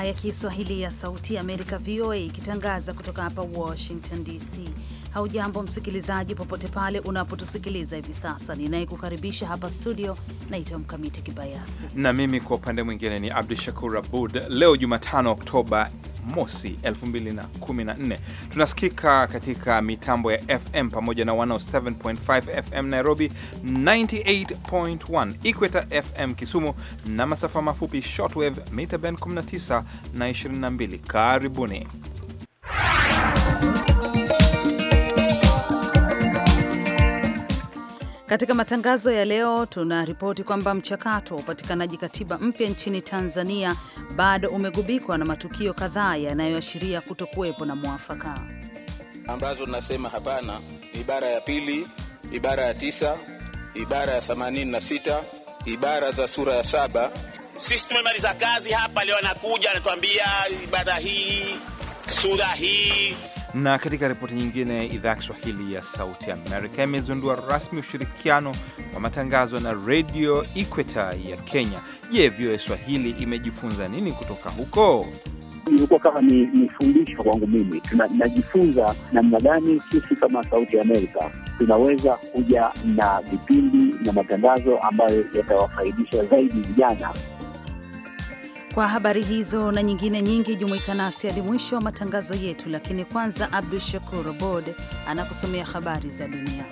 idhaa ya Kiswahili ya Sauti ya Amerika, VOA, ikitangaza kutoka hapa Washington DC. Haujambo msikilizaji, popote pale unapotusikiliza hivi sasa. Ninayekukaribisha hapa studio naitwa Mkamiti Kibayasi na mimi kwa upande mwingine ni Abdu Shakur Abud. Leo Jumatano, Oktoba mosi 2014 tunasikika katika mitambo ya FM pamoja na 107.5 FM Nairobi, 98.1 Equator FM Kisumu na masafa mafupi shortwave mita band 19 na 22. Karibuni Katika matangazo ya leo tuna ripoti kwamba mchakato wa upatikanaji katiba mpya nchini Tanzania bado umegubikwa na matukio kadhaa yanayoashiria kutokuwepo na mwafaka, ambazo tunasema hapana. Ibara ya pili, ibara ya tisa, ibara ya themanini na sita, ibara za sura ya saba. Sisi tumemaliza kazi hapa leo, anakuja anatuambia ibara hii, sura hii na katika ripoti nyingine, idhaa ya Kiswahili ya Sauti Amerika imezindua rasmi ushirikiano wa matangazo na redio Equator ya Kenya. Je, VOA Swahili imejifunza nini kutoka huko? Ilikuwa kama ni, fundisho kwangu mimi. Najifunza namna gani sisi kama Sauti ya Amerika tunaweza kuja na vipindi na matangazo ambayo yatawafaidisha zaidi vijana kwa habari hizo na nyingine nyingi, jumuika nasi hadi mwisho wa matangazo yetu, lakini kwanza Abdu Shakur Abod anakusomea habari za dunia.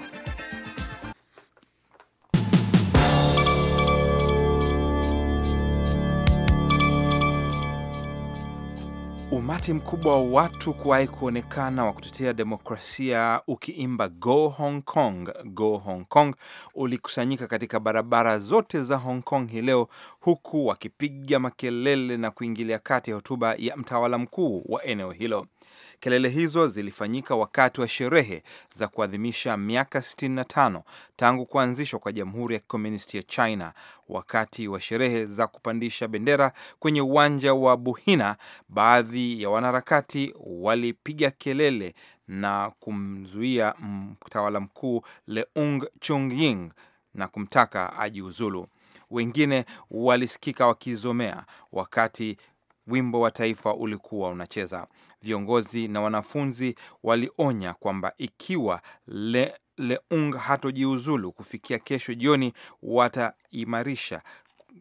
Umati mkubwa wa watu kuwahi kuonekana wa kutetea demokrasia ukiimba Go Hong Kong, Go Hong Kong ulikusanyika katika barabara zote za Hong Kong hii leo, huku wakipiga makelele na kuingilia kati ya hotuba ya mtawala mkuu wa eneo hilo. Kelele hizo zilifanyika wakati wa sherehe za kuadhimisha miaka 65 tangu kuanzishwa kwa Jamhuri ya Kikomunisti ya China, wakati wa sherehe za kupandisha bendera kwenye uwanja wa Buhina. Baadhi ya wanaharakati walipiga kelele na kumzuia mtawala mkuu Leung Chun-ying na kumtaka ajiuzulu. Wengine walisikika wakizomea wakati wimbo wa taifa ulikuwa unacheza. Viongozi na wanafunzi walionya kwamba ikiwa le, Leung hatojiuzulu kufikia kesho jioni, wataimarisha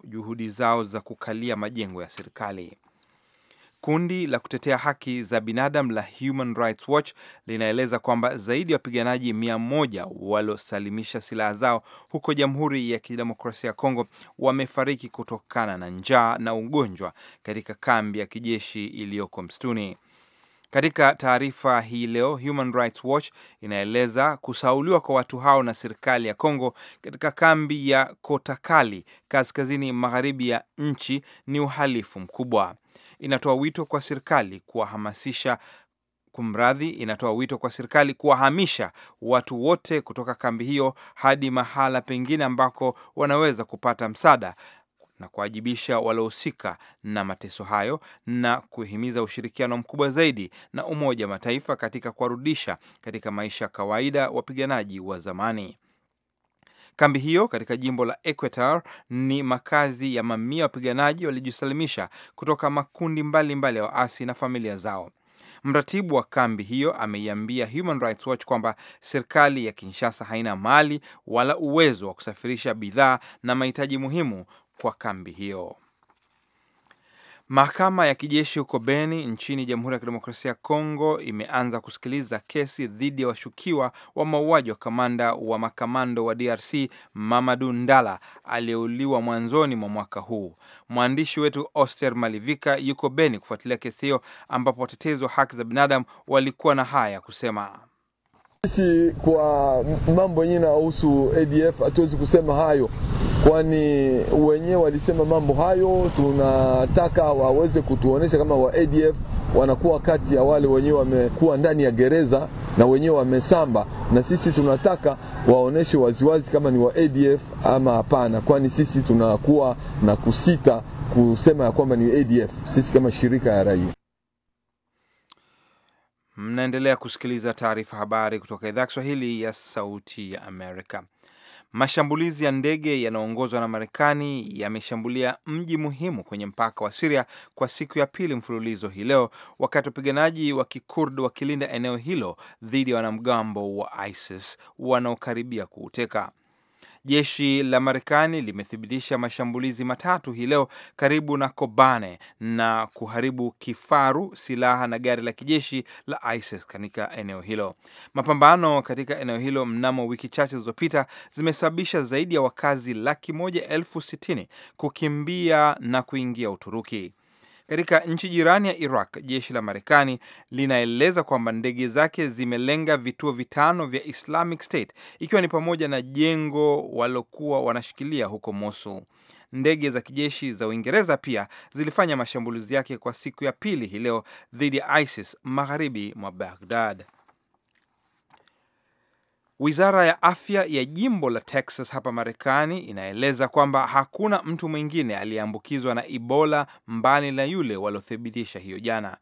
juhudi zao za kukalia majengo ya serikali. Kundi la kutetea haki za binadamu la Human Rights Watch linaeleza kwamba zaidi ya wapiganaji mia moja waliosalimisha silaha zao huko Jamhuri ya Kidemokrasia ya Kongo wamefariki kutokana na njaa na ugonjwa katika kambi ya kijeshi iliyoko msituni. Katika taarifa hii leo, Human Rights Watch inaeleza kusauliwa kwa watu hao na serikali ya Kongo katika kambi ya Kotakali kaskazini magharibi ya nchi ni uhalifu mkubwa inatoa wito kwa serikali kuwahamasisha Kumradhi, inatoa wito kwa serikali kuwahamisha watu wote kutoka kambi hiyo hadi mahala pengine ambako wanaweza kupata msaada na kuwajibisha waliohusika na mateso hayo na kuhimiza ushirikiano mkubwa zaidi na Umoja wa Mataifa katika kuwarudisha katika maisha ya kawaida wapiganaji wa zamani. Kambi hiyo katika jimbo la Equator ni makazi ya mamia wapiganaji walijisalimisha kutoka makundi mbalimbali ya mbali waasi na familia zao. Mratibu wa kambi hiyo ameiambia Human Rights Watch kwamba serikali ya Kinshasa haina mali wala uwezo wa kusafirisha bidhaa na mahitaji muhimu kwa kambi hiyo. Mahakama ya kijeshi huko Beni nchini Jamhuri ya Kidemokrasia ya Kongo imeanza kusikiliza kesi dhidi ya washukiwa wa mauaji wa kamanda wa makamando wa DRC Mamadu Ndala aliyeuliwa mwanzoni mwa mwaka huu. Mwandishi wetu Oster Malivika yuko Beni kufuatilia kesi hiyo, ambapo watetezi wa haki za binadamu walikuwa na haya ya kusema. Sisi kwa mambo yenyewe yanahusu ADF hatuwezi kusema hayo, kwani wenyewe walisema mambo hayo. Tunataka waweze kutuonesha kama wa ADF wanakuwa kati ya wale wenyewe wamekuwa ndani ya gereza na wenyewe wamesamba, na sisi tunataka waoneshe waziwazi kama ni wa ADF ama hapana, kwani sisi tunakuwa na kusita kusema ya kwamba ni ADF, sisi kama shirika ya raia. Mnaendelea kusikiliza taarifa habari kutoka idhaa ya Kiswahili ya Sauti ya Amerika. Mashambulizi ya ndege yanayoongozwa na Marekani yameshambulia mji muhimu kwenye mpaka wa Siria kwa siku ya pili mfululizo hii leo, wakati wapiganaji wa kikurd wakilinda eneo hilo dhidi ya wanamgambo wa ISIS wanaokaribia kuuteka. Jeshi la Marekani limethibitisha mashambulizi matatu hii leo karibu na Kobane na kuharibu kifaru, silaha na gari la kijeshi la ISIS katika eneo hilo. Mapambano katika eneo hilo mnamo wiki chache zilizopita zimesababisha zaidi ya wakazi laki moja elfu sitini kukimbia na kuingia Uturuki. Katika nchi jirani ya Iraq, jeshi la Marekani linaeleza kwamba ndege zake zimelenga vituo vitano vya Islamic State, ikiwa ni pamoja na jengo walokuwa wanashikilia huko Mosul. Ndege za kijeshi za Uingereza pia zilifanya mashambulizi yake kwa siku ya pili hii leo dhidi ya ISIS magharibi mwa Baghdad. Wizara ya afya ya jimbo la Texas hapa Marekani inaeleza kwamba hakuna mtu mwingine aliyeambukizwa na Ebola mbali na yule waliothibitisha hiyo jana.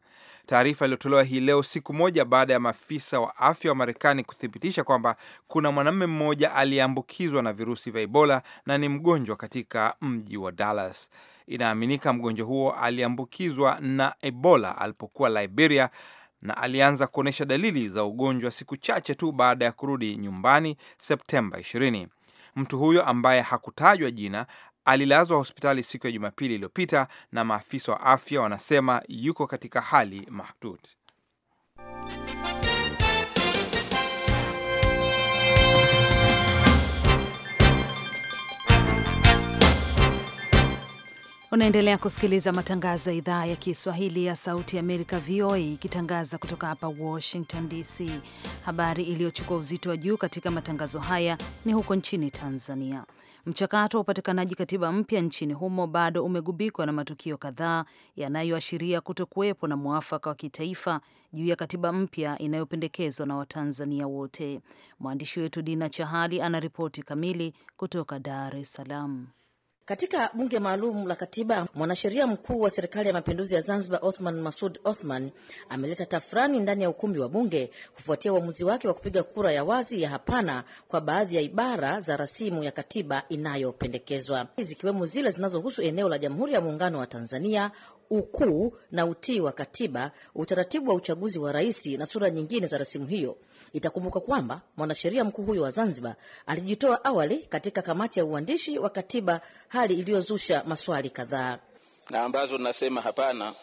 Taarifa iliyotolewa hii leo siku moja baada ya maafisa wa afya wa Marekani kuthibitisha kwamba kuna mwanamume mmoja aliyeambukizwa na virusi vya Ebola na ni mgonjwa katika mji wa Dallas. Inaaminika mgonjwa huo aliambukizwa na Ebola alipokuwa Liberia na alianza kuonyesha dalili za ugonjwa siku chache tu baada ya kurudi nyumbani Septemba 20. Mtu huyo ambaye hakutajwa jina alilazwa hospitali siku ya Jumapili iliyopita na maafisa wa afya wanasema yuko katika hali mahututi. Unaendelea kusikiliza matangazo ya idhaa ya Kiswahili ya Sauti ya Amerika, VOA, ikitangaza kutoka hapa Washington DC. Habari iliyochukua uzito wa juu katika matangazo haya ni huko nchini Tanzania. Mchakato wa upatikanaji katiba mpya nchini humo bado umegubikwa na matukio kadhaa yanayoashiria kutokuwepo na mwafaka wa kitaifa juu ya katiba mpya inayopendekezwa na Watanzania wote. Mwandishi wetu Dina Chahali anaripoti kamili kutoka Dar es Salaam. Katika bunge maalum la katiba, mwanasheria mkuu wa serikali ya mapinduzi ya Zanzibar Othman Masud Othman ameleta tafrani ndani ya ukumbi wa bunge kufuatia uamuzi wake wa kupiga kura ya wazi ya hapana kwa baadhi ya ibara za rasimu ya katiba inayopendekezwa zikiwemo zile zinazohusu eneo la Jamhuri ya Muungano wa Tanzania, ukuu na utii wa katiba, utaratibu wa uchaguzi wa rais na sura nyingine za rasimu hiyo Itakumbuka kwamba mwanasheria mkuu huyo wa Zanzibar alijitoa awali katika kamati ya uandishi wa katiba, hali iliyozusha maswali kadhaa na ambazo nasema hapana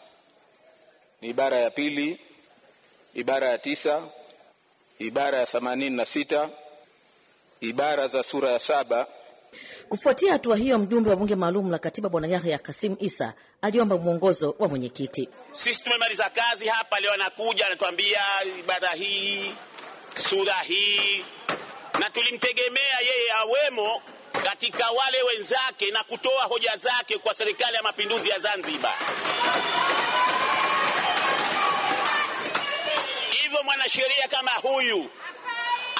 ni ibara ya pili, ibara ya tisa, ibara ya themanini na sita, ibara za sura ya saba. Kufuatia hatua hiyo, mjumbe wa bunge maalum la katiba bwana Yahya Kasimu Isa aliomba mwongozo wa mwenyekiti. Sisi tumemaliza kazi hapa leo, anakuja anatuambia ibara hii sura hii, na tulimtegemea yeye awemo katika wale wenzake na kutoa hoja zake kwa serikali ya mapinduzi ya Zanzibar. Hivyo mwanasheria kama huyu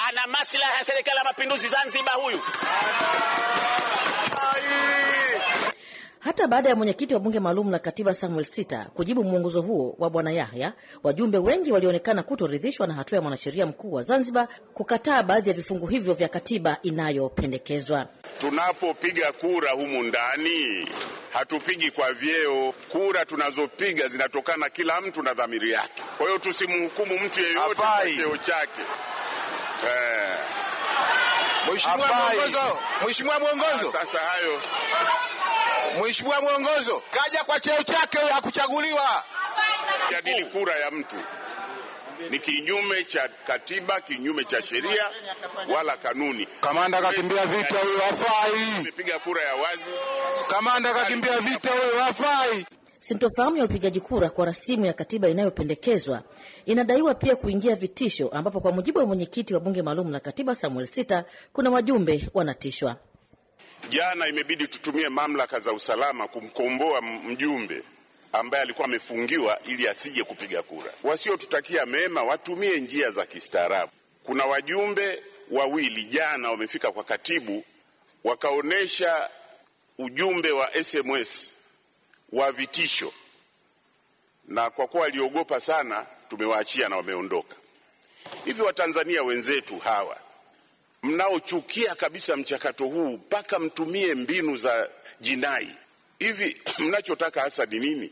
ana maslaha ya serikali ya mapinduzi Zanzibar huyu hata baada ya mwenyekiti wa bunge maalum la katiba Samuel Sita kujibu mwongozo huo wa bwana Yahya, wajumbe wengi walionekana kutoridhishwa na hatua ya mwanasheria mkuu wa Zanzibar kukataa baadhi ya vifungu hivyo vya katiba inayopendekezwa. Tunapopiga kura humu ndani, hatupigi kwa vyeo. Kura tunazopiga zinatokana kila mtu na dhamiri yake. Kwa hiyo tusimhukumu mtu yeyote kwa cheo chake. Eh, mheshimiwa mwongozo, mheshimiwa mwongozo. Ah, sasa hayo Mheshimiwa Mwongozo kaja kwa cheo chake, kuchaguliwa jadili kura ya mtu ni kinyume cha katiba, kinyume cha sheria wala kanuni. Kamanda kakimbia vita, huyo hafai. Amepiga kura ya wazi. Kamanda kakimbia vita, huyo hafai. Sintofahamu ya upigaji kura kwa rasimu ya katiba inayopendekezwa inadaiwa pia kuingia vitisho, ambapo kwa mujibu wa mwenyekiti wa bunge maalum la katiba Samuel Sita, kuna wajumbe wanatishwa. Jana imebidi tutumie mamlaka za usalama kumkomboa mjumbe ambaye alikuwa amefungiwa ili asije kupiga kura. Wasiotutakia mema watumie njia za kistaarabu. Kuna wajumbe wawili jana wamefika kwa katibu, wakaonyesha ujumbe wa SMS wa vitisho, na kwa kuwa waliogopa sana, tumewaachia na wameondoka. Hivyo Watanzania wenzetu hawa mnaochukia kabisa mchakato huu mpaka mtumie mbinu za jinai. Hivi mnachotaka hasa ni nini?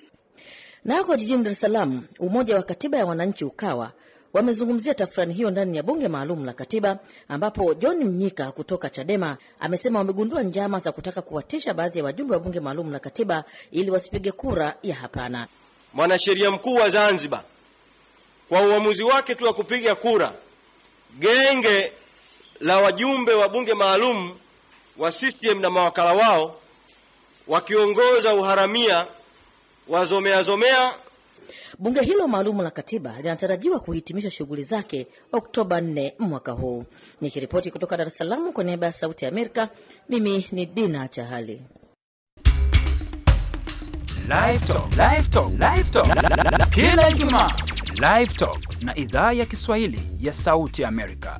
Nako jijini Dar es Salaam, Umoja wa Katiba ya Wananchi UKAWA wamezungumzia tafurani hiyo ndani ya bunge maalum la katiba, ambapo John Mnyika kutoka Chadema amesema wamegundua njama za kutaka kuwatisha baadhi ya wajumbe wa bunge maalum la katiba ili wasipige kura ya hapana. Mwanasheria mkuu wa Zanzibar kwa uamuzi wake tu wa kupiga kura genge la wajumbe wa bunge maalum wa CCM na mawakala wao wakiongoza uharamia wazomea zomea. Bunge hilo maalumu la katiba linatarajiwa kuhitimisha shughuli zake Oktoba 4 mwaka huu. Nikiripoti kutoka Dar es Salaam kwa niaba ya Sauti ya Amerika, mimi ni Dina Chahali. Kila Ijumaa Live Talk na idhaa ya Kiswahili ya Sauti Amerika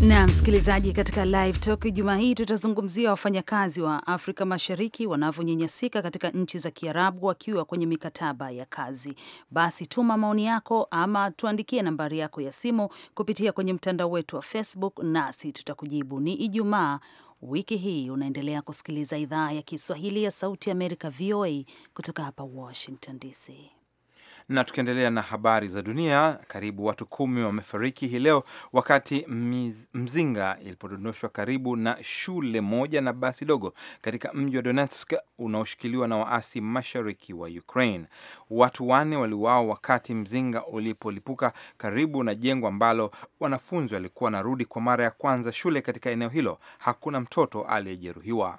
Na msikilizaji, katika live talk juma hii tutazungumzia wafanyakazi wa Afrika Mashariki wanavyonyanyasika katika nchi za Kiarabu wakiwa kwenye mikataba ya kazi. Basi tuma maoni yako ama tuandikie nambari yako ya simu kupitia kwenye mtandao wetu wa Facebook, nasi tutakujibu. Ni Ijumaa wiki hii. Unaendelea kusikiliza idhaa ya Kiswahili ya Sauti ya Amerika, VOA, kutoka hapa Washington DC. Na tukiendelea na habari za dunia, karibu watu kumi wamefariki hii leo wakati mzinga ilipodondoshwa karibu na shule moja na basi dogo katika mji wa Donetsk unaoshikiliwa na waasi mashariki wa Ukraine. Watu wanne waliuawa wakati mzinga ulipolipuka karibu na jengo ambalo wanafunzi walikuwa wanarudi kwa mara ya kwanza shule katika eneo hilo. Hakuna mtoto aliyejeruhiwa.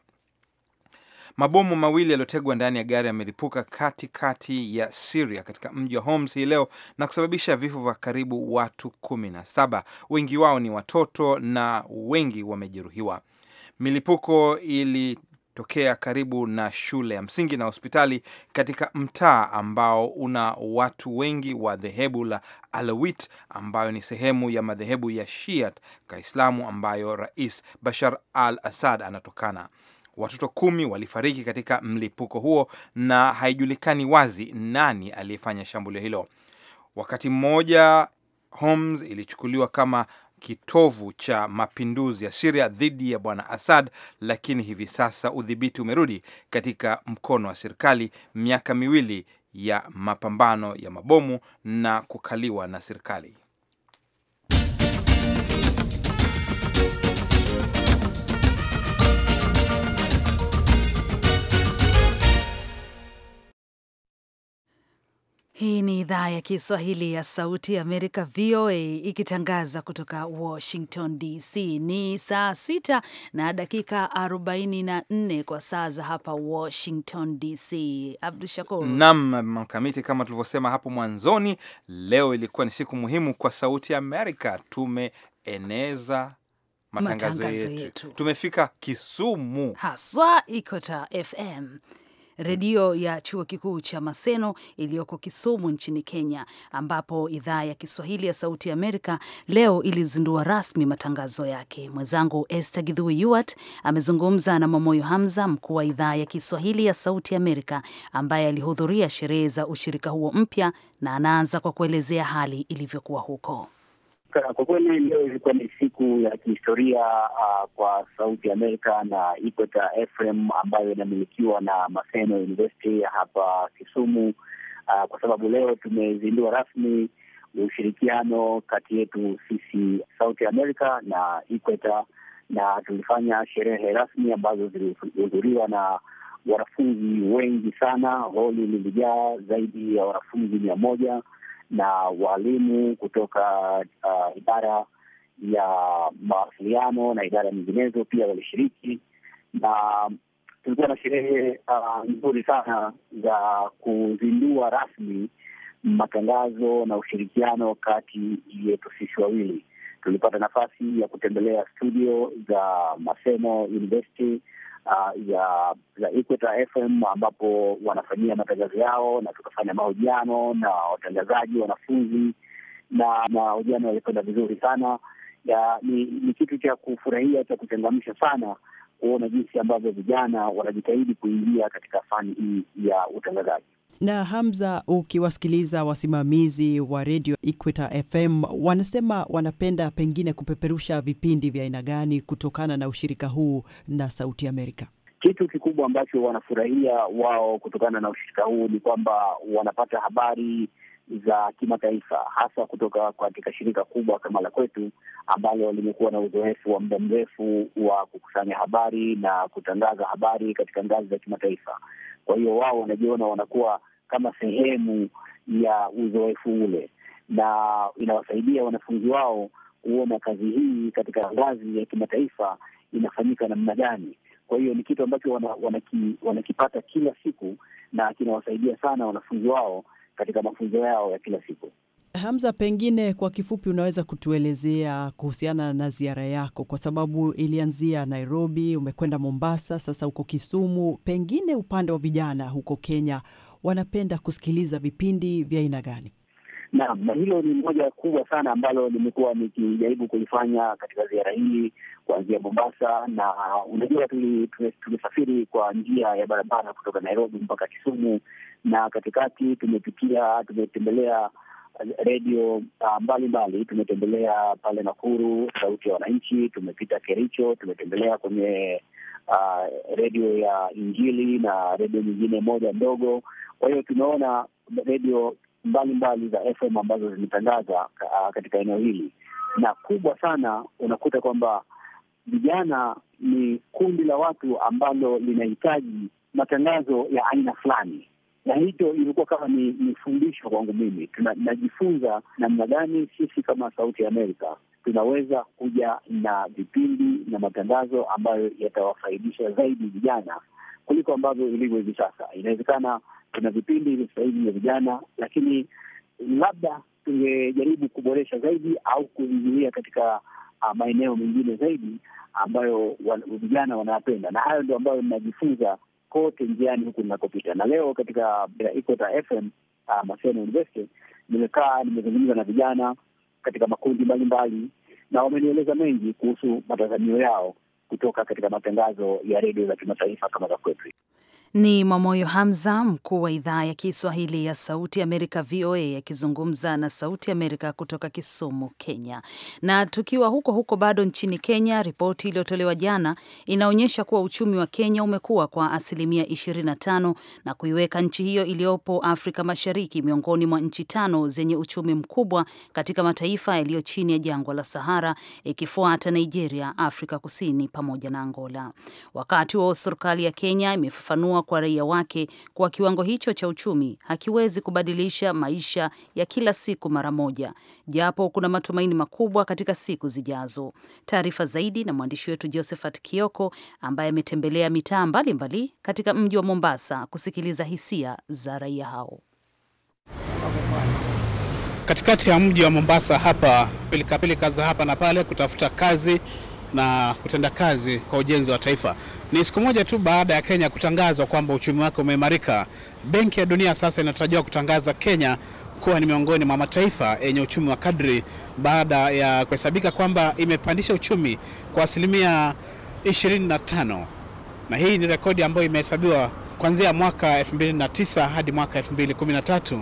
Mabomu mawili yaliyotegwa ndani ya gari yamelipuka katikati ya siria katika mji wa Homs hii leo na kusababisha vifo vya karibu watu kumi na saba, wengi wao ni watoto na wengi wamejeruhiwa. Milipuko ili tokea karibu na shule ya msingi na hospitali katika mtaa ambao una watu wengi wa dhehebu la Alawit ambayo ni sehemu ya madhehebu ya Shiat Kaislamu ambayo Rais Bashar al-Assad anatokana. Watoto kumi walifariki katika mlipuko huo na haijulikani wazi nani aliyefanya shambulio hilo. Wakati mmoja Homs ilichukuliwa kama kitovu cha mapinduzi ya Siria dhidi ya bwana Assad, lakini hivi sasa udhibiti umerudi katika mkono wa serikali miaka miwili ya mapambano ya mabomu na kukaliwa na serikali. Hii ni idhaa ya Kiswahili ya Sauti ya Amerika, VOA, ikitangaza kutoka Washington DC. Ni saa sita na dakika 44 kwa saa za hapa Washington DC. Abdu Shakur nam Mkamiti, kama tulivyosema hapo mwanzoni, leo ilikuwa ni siku muhimu kwa Sauti ya Amerika. Tumeeneza matangazo, matangazo yetu. Yetu tumefika Kisumu haswa Ikota FM redio ya chuo kikuu cha Maseno iliyoko Kisumu nchini Kenya, ambapo idhaa ya Kiswahili ya Sauti ya Amerika leo ilizindua rasmi matangazo yake. Mwenzangu Esther Gidhui Yuat amezungumza na Mamoyo Hamza, mkuu wa idhaa ya Kiswahili ya Sauti Amerika, ambaye alihudhuria sherehe za ushirika huo mpya, na anaanza kwa kuelezea hali ilivyokuwa huko. Kwa kweli leo ilikuwa ni siku ya kihistoria uh, kwa Sauti Amerika na Equator FM ambayo inamilikiwa na Maseno University hapa Kisumu, uh, kwa sababu leo tumezindua rasmi ushirikiano kati yetu sisi Sauti Amerika na Equator, na tulifanya sherehe rasmi ambazo zilihudhuriwa na wanafunzi wengi sana. Holi lilijaa zaidi ya wanafunzi mia moja na waalimu kutoka uh, idara ya mawasiliano na idara nyinginezo pia walishiriki, na tulikuwa na sherehe uh, nzuri sana za kuzindua rasmi matangazo na ushirikiano kati yetu sisi wawili. Tulipata nafasi ya kutembelea studio za Maseno University uh, ya ya Equator FM ambapo wanafanyia matangazo yao, na tukafanya mahojiano na watangazaji, wanafunzi na mahojiano yalikwenda vizuri sana. Ya, ni, ni kitu cha kufurahia cha kuchangamsha sana kuona jinsi ambavyo vijana wanajitahidi kuingia katika fani hii ya utangazaji. Na Hamza, ukiwasikiliza wasimamizi wa redio Equator FM wanasema wanapenda pengine kupeperusha vipindi vya aina gani kutokana na ushirika huu na Sauti Amerika? Kitu kikubwa ambacho wanafurahia wao kutokana na ushirika huu ni kwamba wanapata habari za kimataifa hasa kutoka katika shirika kubwa kama la kwetu ambalo limekuwa na uzoefu wa muda mrefu wa kukusanya habari na kutangaza habari katika ngazi za kimataifa. Kwa hiyo wao wanajiona wanakuwa kama sehemu ya uzoefu ule, na inawasaidia wanafunzi wao kuona kazi hii katika ngazi ya kimataifa inafanyika namna gani. Kwa hiyo ni kitu ambacho wanakipata wana ki, wana kila siku na kinawasaidia sana wanafunzi wao katika mafunzo yao ya kila siku. Hamza, pengine kwa kifupi, unaweza kutuelezea kuhusiana na ziara yako, kwa sababu ilianzia Nairobi, umekwenda Mombasa, sasa uko Kisumu. Pengine upande wa vijana huko Kenya wanapenda kusikiliza vipindi vya aina gani? Naam, hilo ni moja kubwa sana ambalo nimekuwa nikijaribu kulifanya katika ziara hii kuanzia Mombasa. Na unajua, tulisafiri kwa njia ya barabara kutoka Nairobi mpaka Kisumu, na katikati tumepitia, tumetembelea redio ah, mbalimbali. Tumetembelea pale Nakuru, sauti ya wananchi, tumepita Kericho, tumetembelea kwenye uh, ah, redio ya Injili na redio nyingine moja ndogo. Kwa hiyo tumeona redio mbalimbali za FM ambazo zimetangaza uh, katika eneo hili, na kubwa sana unakuta kwamba vijana ni kundi la watu ambalo linahitaji matangazo ya aina fulani na hicho ilikuwa kama ni, ni fundisho kwangu mimi. Tunajifunza namna gani sisi kama Sauti ya Amerika tunaweza kuja na vipindi na matangazo ambayo yatawafaidisha zaidi vijana kuliko ambavyo ilivyo hivi sasa. Inawezekana tuna vipindi hivi sasa hivi vya vijana, lakini labda tungejaribu kuboresha zaidi au kuingilia katika uh, maeneo mengine zaidi ambayo vijana wanayapenda, na hayo ndio ambayo ninajifunza kote njiani huku ninakopita. Na leo katika Ikota FM uh, Maseno University nimekaa nimezungumza na vijana katika makundi mbalimbali, na wamenieleza mengi kuhusu matazamio yao kutoka katika matangazo ya redio za kimataifa kama za kwetu. Ni Mwamoyo Hamza, mkuu wa idhaa ya Kiswahili ya Sauti Amerika, VOA, akizungumza na Sauti Amerika kutoka Kisumu, Kenya. Na tukiwa huko huko bado nchini Kenya, ripoti iliyotolewa jana inaonyesha kuwa uchumi wa Kenya umekuwa kwa asilimia 25 na kuiweka nchi hiyo iliyopo Afrika Mashariki miongoni mwa nchi tano zenye uchumi mkubwa katika mataifa yaliyo chini ya jangwa la Sahara, ikifuata Nigeria, Afrika Kusini pamoja na Angola. Wakati wa serikali ya Kenya imefafanua kwa raia wake kwa kiwango hicho cha uchumi hakiwezi kubadilisha maisha ya kila siku mara moja, japo kuna matumaini makubwa katika siku zijazo. Taarifa zaidi na mwandishi wetu Josephat Kioko ambaye ametembelea mitaa mbalimbali katika mji wa Mombasa kusikiliza hisia za raia hao. Katikati ya mji wa Mombasa hapa, pilikapilika za hapa na pale kutafuta kazi na kutenda kazi kwa ujenzi wa taifa. Ni siku moja tu baada ya Kenya kutangazwa kwamba uchumi wake umeimarika, Benki ya Dunia sasa inatarajiwa kutangaza Kenya kuwa ni miongoni mwa mataifa yenye uchumi wa kadri baada ya kuhesabika kwamba imepandisha uchumi kwa asilimia 25, na hii ni rekodi ambayo imehesabiwa kuanzia mwaka 2009 hadi mwaka 2013.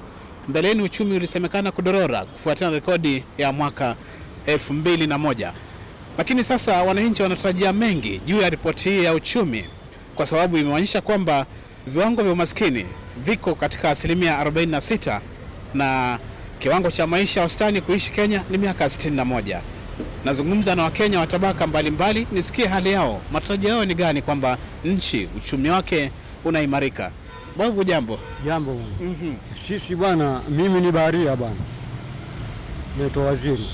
Mbeleni uchumi ulisemekana kudorora kufuatia rekodi ya mwaka 2001. Lakini sasa wananchi wanatarajia mengi juu ya ripoti hii ya uchumi, kwa sababu imeonyesha kwamba viwango vya umaskini viko katika asilimia 46 na kiwango cha maisha wastani kuishi Kenya ni miaka 61. Nazungumza na Wakenya wa tabaka mbalimbali, nisikie hali yao, matarajio yao ni gani kwamba nchi uchumi wake unaimarika. Babu, jambo jambo. mm -hmm. Sisi bwana, mimi ni baharia bwana, naitwa Waziri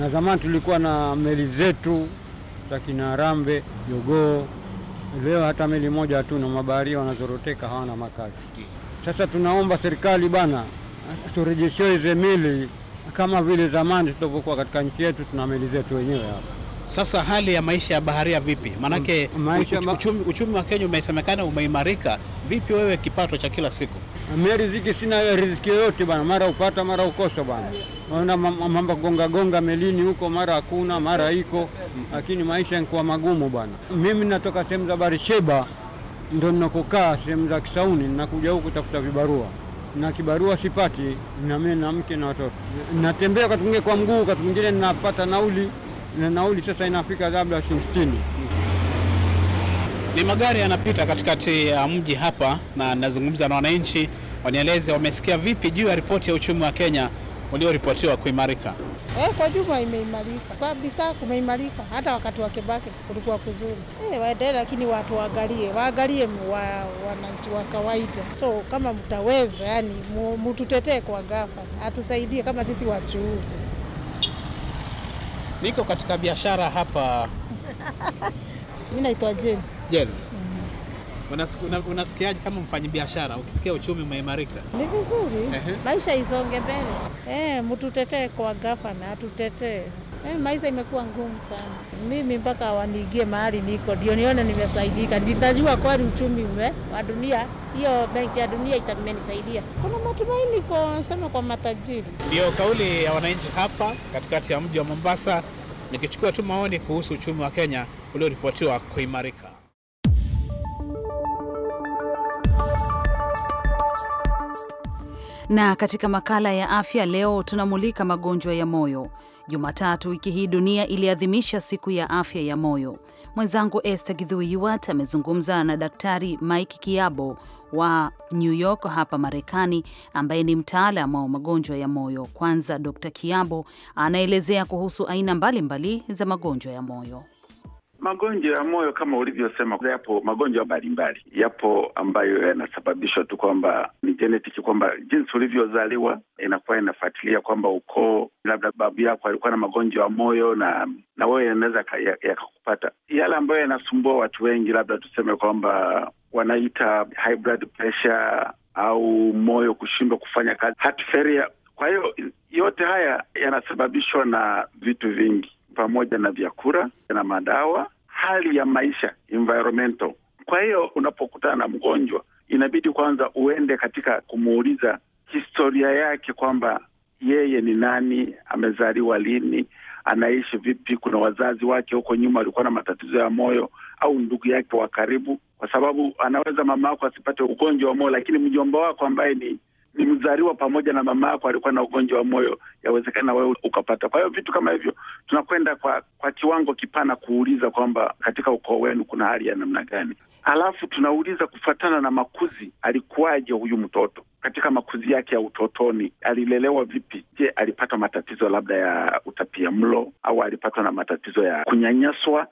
na zamani tulikuwa na meli zetu za kina Rambe, Jogoo. Leo hata meli moja na mabaharia wanazoroteka, hawana makazi. Sasa tunaomba serikali bana, turejeshe hizo meli kama vile zamani tulivyokuwa katika nchi yetu, tuna meli zetu wenyewe hapa. Sasa hali ya maisha ya baharia vipi? Maanake mm, uchumi, uchumi wa Kenya umesemekana umeimarika. Vipi wewe kipato cha kila siku? Mimi riziki sina riziki yoyote bana, mara upata mara ukosa bana Unaona mambo gonga gonga melini huko, mara hakuna mara iko, lakini maisha yanakuwa magumu bwana. Mimi natoka sehemu za Barisheba ndo ninakokaa sehemu za Kisauni, ninakuja huku kutafuta vibarua na kibarua sipati, na mimi na mke na watoto, natembea wakati mwingine kwa mguu, wakati mwingine ninapata nauli, na nauli sasa inafika labda shilingi sitini. Ni magari yanapita katikati ya mji hapa, na nazungumza na wananchi wanieleze wamesikia vipi juu ya ripoti ya uchumi wa Kenya ulioripotiwa kuimarika? E, kwa jumla imeimarika kabisa, kumeimarika. Hata wakati wa Kibaki kulikuwa kuzuri. E, waendelee, lakini watu waangalie, waangalie wa, wananchi wa kawaida. So kama mtaweza, yani mututetee kwa gafa, atusaidie kama sisi wachuuzi. Niko katika biashara hapa. Mimi naitwa Jen. Jen. Unasikiaje kama biashara ukisikia uchumi umeimarika? Ni vizuri. Maisha isonge mbele. Eh, mtutetee kwa gavana, atutetee. Eh, maisha imekuwa ngumu sana. Mimi mpaka waniigie mahali niko ndio nione nimesaidika. Nitajua kweli uchumi ume wa dunia hiyo benki ya dunia itamenisaidia. Kuna matumaini kwa sema kwa matajiri. Ndio kauli ya wananchi hapa katikati ya mji wa Mombasa, nikichukua tu maoni kuhusu uchumi wa Kenya ulioripotiwa kuimarika. Na katika makala ya afya leo tunamulika magonjwa ya moyo. Jumatatu wiki hii dunia iliadhimisha siku ya afya ya moyo. Mwenzangu Esther Githui amezungumza na Daktari Mike Kiabo wa New York hapa Marekani, ambaye ni mtaalam wa magonjwa ya moyo. Kwanza Dr. Kiabo anaelezea kuhusu aina mbalimbali mbali za magonjwa ya moyo. Magonjwa ya moyo kama ulivyosema, yapo magonjwa mbalimbali, yapo ambayo yanasababishwa tu kwamba ni genetic, kwamba jinsi ulivyozaliwa inakuwa inafuatilia kwamba ukoo, labda babu yako alikuwa na magonjwa ya moyo na na wewe yanaweza yakakupata. Ya yale ambayo yanasumbua watu wengi, labda tuseme kwamba wanaita high blood pressure au moyo kushindwa kufanya kazi, heart failure. Kwa hiyo yote haya yanasababishwa na vitu vingi pamoja na vyakula na madawa hali ya maisha environmental. Kwa hiyo unapokutana na mgonjwa, inabidi kwanza uende katika kumuuliza historia yake, kwamba yeye ni nani, amezaliwa lini, anaishi vipi, kuna wazazi wake huko nyuma walikuwa na matatizo ya moyo au ndugu yake wa karibu, kwa sababu anaweza mama wako asipate ugonjwa wa moyo, lakini mjomba wako ambaye ni ni pamoja na mama yako alikuwa na ugonjwa wa moyo, yawezekana wewe ukapata. Kwa hiyo vitu kama hivyo tunakwenda kwa kwa kiwango kipana kuuliza kwamba katika ukoo wenu kuna hali ya namna gani, alafu tunauliza kufuatana na makuzi, alikuwaje huyu mtoto katika makuzi yake ya utotoni, alilelewa vipi? Je, alipata matatizo labda ya utapia mlo au alipatwa na matatizo ya kunyanyaswa?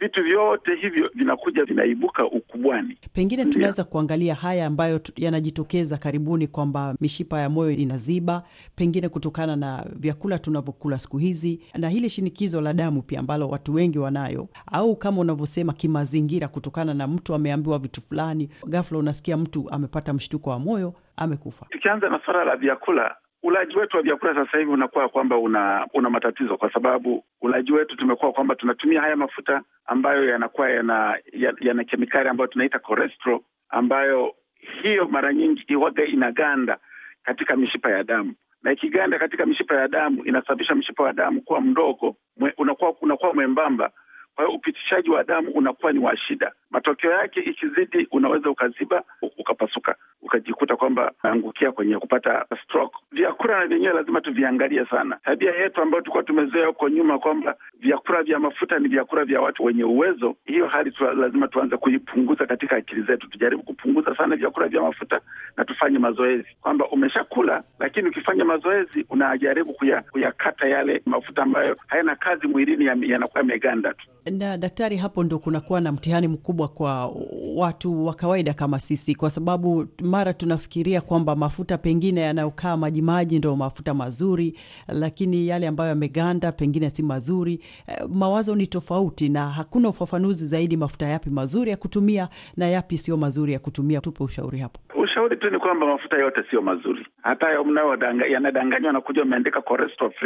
vitu vyote hivyo vinakuja vinaibuka ukubwani. Pengine tunaweza kuangalia haya ambayo yanajitokeza karibuni, kwamba mishipa ya moyo inaziba, pengine kutokana na vyakula tunavyokula siku hizi, na hili shinikizo la damu pia ambalo watu wengi wanayo, au kama unavyosema kimazingira, kutokana na mtu ameambiwa vitu fulani, ghafla unasikia mtu amepata mshtuko wa moyo, amekufa. Tukianza na swala la vyakula, ulaji wetu wa vyakula sasa hivi unakuwa kwamba una una matatizo, kwa sababu ulaji wetu tumekuwa kwamba tunatumia haya mafuta ambayo yanakuwa yana yana, yana kemikali ambayo tunaita cholesterol, ambayo hiyo mara nyingi iwaga inaganda katika mishipa ya damu na ikiganda katika mishipa ya damu inasababisha mshipa wa damu kuwa mdogo, unakuwa unakuwa mwembamba kwa hiyo upitishaji wa damu unakuwa ni wa shida. Matokeo yake ikizidi, unaweza ukaziba ukapasuka, ukajikuta kwamba naangukia kwenye kupata stroke. Vyakula na vyenyewe lazima tuviangalie sana. Tabia yetu ambayo tulikuwa tumezoea huko nyuma kwamba vyakula vya mafuta ni vyakula vya watu wenye uwezo, hiyo hali tu lazima tuanze kuipunguza katika akili zetu. Tujaribu kupunguza sana vyakula vya mafuta na tufanye mazoezi, kwamba umeshakula, lakini ukifanya mazoezi unajaribu kuyakata kuya yale mafuta ambayo hayana kazi mwilini, yanakuwa yameganda tu. Na daktari, hapo ndo kunakuwa na mtihani mkubwa kwa watu wa kawaida kama sisi, kwa sababu mara tunafikiria kwamba mafuta pengine yanayokaa majimaji ndo mafuta mazuri, lakini yale ambayo yameganda pengine si mazuri. Eh, mawazo ni tofauti na hakuna ufafanuzi zaidi, mafuta yapi mazuri ya kutumia na yapi sio mazuri ya kutumia. Tupe ushauri hapo. Ushauri tu ni kwamba mafuta yote sio mazuri, hata ya mnayodanga yanadanganywa na kuja umeandika kwa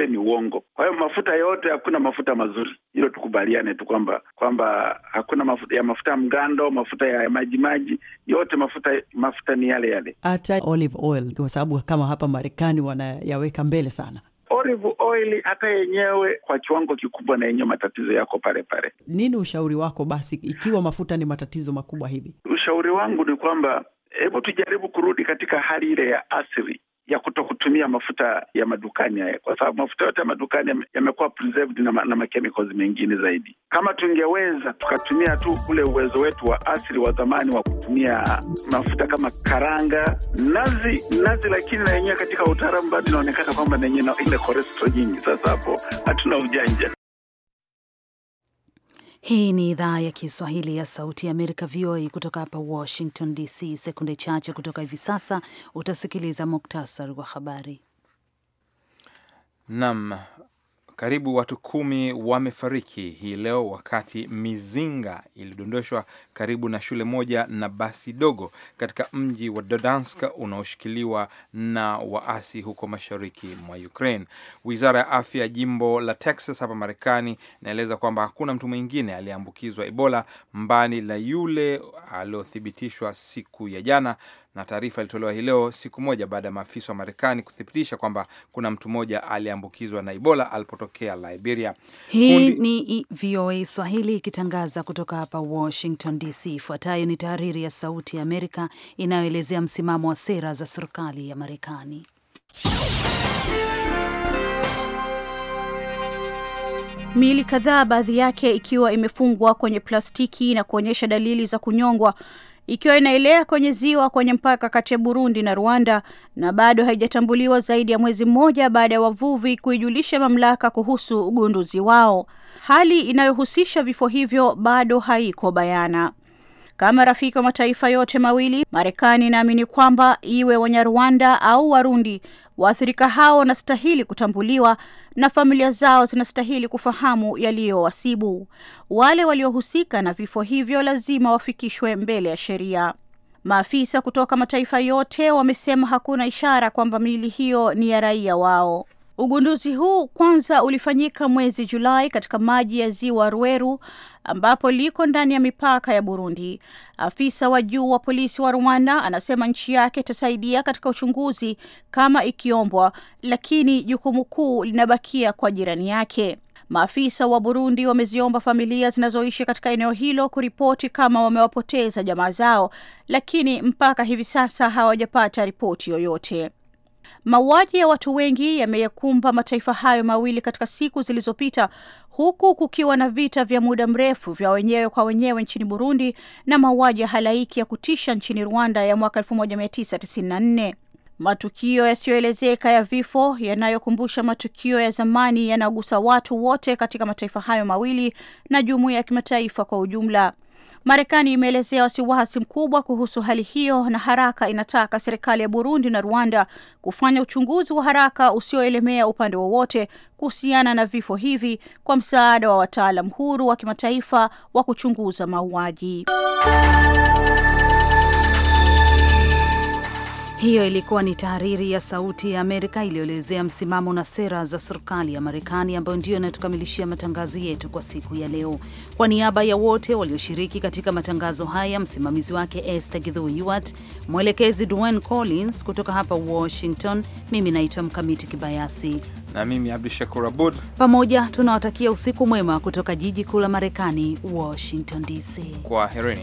ni uongo. Kwa hiyo mafuta yote, hakuna mafuta mazuri, hilo tukubaliane tu tu kwamba kwamba hakuna mafuta ya mafuta ya mgando, mafuta ya maji maji, yote mafuta mafuta ni yale yale, hata olive oil, kwa sababu kama hapa Marekani wanayaweka mbele sana olive oil hata yenyewe kwa kiwango kikubwa, na yenyewe matatizo yako pale pale. Nini ushauri wako basi, ikiwa mafuta ni matatizo makubwa hivi? Ushauri wangu ni kwamba hebu tujaribu kurudi katika hali ile ya asili ya kuto kutumia mafuta ya madukani haya, kwa sababu mafuta yote ya madukani yamekuwa preserved na, na machemicals mengine zaidi. Kama tungeweza tukatumia tu ule uwezo wetu wa asili wa zamani wa kutumia mafuta kama karanga, nazi, nazi, lakini na yenyewe katika utaalamu bado inaonekana kwamba na yenyewe ile cholesterol nyingi. Sasa hapo hatuna ujanja. Hii ni idhaa ya Kiswahili ya Sauti ya Amerika, VOA, kutoka hapa Washington DC. Sekunde chache kutoka hivi sasa utasikiliza muktasari wa habari. Naam, karibu watu kumi wamefariki hii leo wakati mizinga ilidondoshwa karibu na shule moja na basi dogo katika mji wa Dodansk unaoshikiliwa na waasi huko mashariki mwa Ukraine. Wizara ya afya ya jimbo la Texas hapa Marekani inaeleza kwamba hakuna mtu mwingine aliyeambukizwa Ebola mbali na yule aliothibitishwa siku ya jana na taarifa ilitolewa hii leo siku moja baada ya maafisa wa Marekani kuthibitisha kwamba kuna mtu mmoja aliyeambukizwa na Ebola alipotokea Liberia. Hii Kundi... ni VOA Swahili ikitangaza kutoka hapa Washington DC. Ifuatayo ni tahariri ya Sauti ya Amerika inayoelezea msimamo wa sera za serikali ya Marekani. Miili kadhaa, baadhi yake ikiwa imefungwa kwenye plastiki na kuonyesha dalili za kunyongwa ikiwa inaelea kwenye ziwa kwenye mpaka kati ya Burundi na Rwanda na bado haijatambuliwa zaidi ya mwezi mmoja baada ya wavuvi kuijulisha mamlaka kuhusu ugunduzi wao. Hali inayohusisha vifo hivyo bado haiko bayana. Kama rafiki wa mataifa yote mawili, Marekani inaamini kwamba iwe Wanyarwanda au Warundi, waathirika hao wanastahili kutambuliwa na familia zao zinastahili kufahamu yaliyowasibu. Wale waliohusika na vifo hivyo lazima wafikishwe mbele ya sheria. Maafisa kutoka mataifa yote wamesema hakuna ishara kwamba miili hiyo ni ya raia wao. Ugunduzi huu kwanza ulifanyika mwezi Julai katika maji ya ziwa Rweru ambapo liko ndani ya mipaka ya Burundi. Afisa wa juu wa polisi wa Rwanda anasema nchi yake itasaidia katika uchunguzi kama ikiombwa, lakini jukumu kuu linabakia kwa jirani yake. Maafisa wa Burundi wameziomba familia zinazoishi katika eneo hilo kuripoti kama wamewapoteza jamaa zao, lakini mpaka hivi sasa hawajapata ripoti yoyote. Mauaji ya watu wengi yameyakumba mataifa hayo mawili katika siku zilizopita, huku kukiwa na vita vya muda mrefu vya wenyewe kwa wenyewe nchini Burundi na mauaji ya halaiki ya kutisha nchini Rwanda ya mwaka 1994. Matukio yasiyoelezeka ya vifo yanayokumbusha matukio ya zamani yanagusa watu wote katika mataifa hayo mawili na jumuiya ya kimataifa kwa ujumla. Marekani imeelezea wasiwasi mkubwa kuhusu hali hiyo na haraka inataka serikali ya Burundi na Rwanda kufanya uchunguzi wa haraka usioelemea upande wowote kuhusiana na vifo hivi kwa msaada wa wataalam huru wa kimataifa wa kuchunguza mauaji. Hiyo ilikuwa ni tahariri ya Sauti ya Amerika iliyoelezea msimamo na sera za serikali ya Marekani, ambayo ndiyo inatukamilishia matangazo yetu kwa siku ya leo. Kwa niaba ya wote walioshiriki katika matangazo haya, msimamizi wake Esther Githu mwelekezi Dwayne Collins, kutoka hapa Washington, mimi naitwa Mkamiti Kibayasi na mimi Abdu Shakur Abud, pamoja tunawatakia usiku mwema kutoka jiji kuu la Marekani, Washington DC. herini.